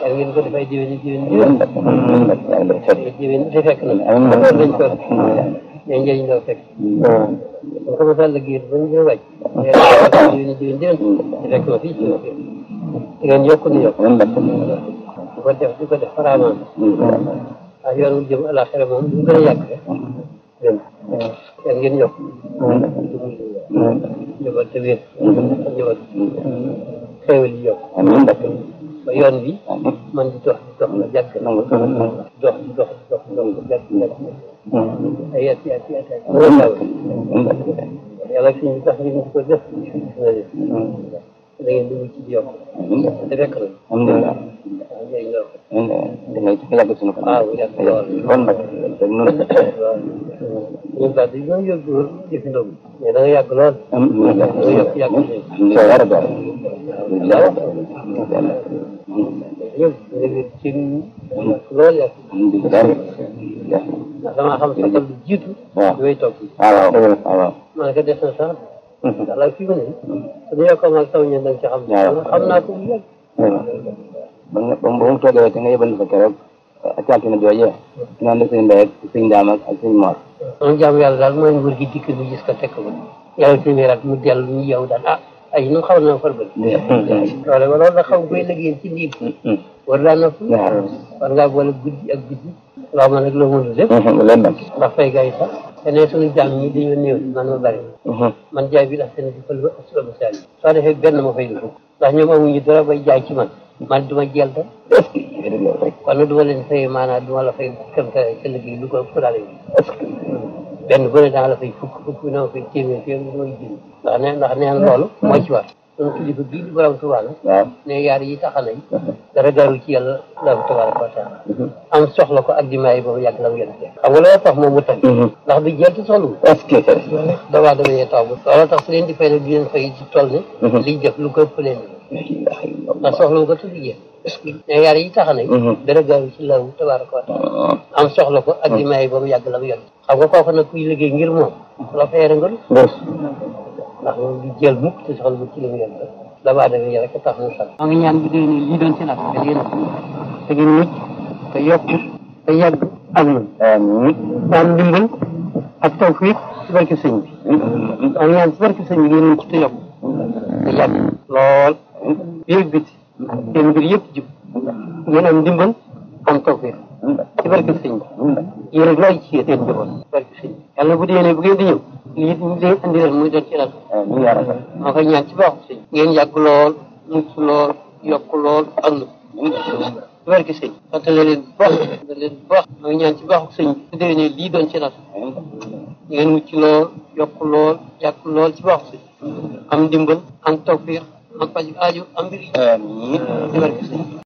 yàlla ngeen ko defay jiwén jiwén jiwén jiwén di fekk na loolu lañ ko day njëriñ loo fekk ñu ko mosal liggéey bañ ko wàcc jiwén jiwén jiwén di fekk ma fii ci di ngeen yokk ni yokk di ko def di ko def faraamaan waaw yoon wu jëm alaxira moom du gën a yàgg rek dégg nga ngeen yokk jëbal te wér jëbal xéewal yi yokk ba yoon bi man di dox di dox la jàkk nangu dox di dox di dox nangu jàkk nekk ay at at at yàlla suñu tax ñu ko def da ngeen dugg ci di yokk te fekk la alhamdulilah dangay ci yàgg suñu ko waaw yàgg lool kon nag dag noonu ñun daal dañ doon yóbbu jëfi ndog mais da nga yàgg lool yàgg yàgg léegi ci loolu yàq. ndax damaa xam sa tam lu jiitu. waaw li may toog. waaw waaw. man de des na sax. ndax laaj fi mu ne. su ñu yokkoon ak taw ñun da nga ci xam. waaw xam naa ko bu yàgg. ba nga ba mu toogee te nga yóbbu fa keroog càkk na joojee. naan la sëñ Mbaye ak sëñ Daam ak sëñ Mor. moom jàmm yàlla daal mooy nguur gi dikk ñu gis ko teg ko ba. yàlla suñu weer ak mu dellu ñu yow daal ah. aj moom xaw naa far bëgg. wala wala xaw koy liggéey ci biir. war laa nopp. war ngaa boole guddi ak guddi. loo mën ak loo mënul lépp. lépp ndax fay gars yi sax. te ne suñu jaam ñi dañoo man ma bari. man jaay bi ndax seen i fël ba ak solo ba saa yi. soo defee benn ma fay dugg. ndax ñoom amuñu dara bay jaay ci man. man duma jël da. kon duma leen fay maanaam duma la fay kër kër liggéey lu ko daal benn bu ne daa la fay fukk fukk bi na ma fay téeméer téeméer mooy jëm ndax nee loolu mooy ci war suñu kilifa bii di borom Tuubaa la ne yaar yi taxana yi dara garu ci yàlla lahu tabaraka wa taala am soxla ko ak dimaayi boobu yàgg la mu xam nga loolu tax moom mu tani mhm. ndax du jeel ci soxla est-ce que dawaa taw bu loolu tax su leen di fay nag mhm. lu ko ëpp leen ndax soxla ko tudd jeel mais yaar yi taxa nañ mhm. dara gaaw ci laahu tabaaraka wa ah. am soxla ko ak di may ba mu la mu yor xam nga kooku nag kuy liggéey ngir moom la feere ngol ndax moom di jël mukk te soxla bu ci li mu yor dama adama yi ak man am barke sëñ bi am ñaan ci barke sëñ bi ngeen mucc te yokk lool yëg biti seen mbir yëpp jub ngeen am ndimbal am tawfeex ci barke sëñ bi yéen ak loo ci seen njaboot barke sëñ bi yàlla bu déwénee bu ngeen di ñëw lii ñu leen andi leen muy doon ci rajo maa koy ñaan ci baaxu sëñ ngeen yàgg lool mucc lool yokk lool ànd ci barke sëñ sant leen bu baax sant leen bu baax maa ngi ñaan ci baaxu sëñ bu déwénee lii doon ci rajo ngeen mucc lool yokk lool yàgg lool ci baaxu sëñ am ndimbal am tawfeex ak paju aajo am mbir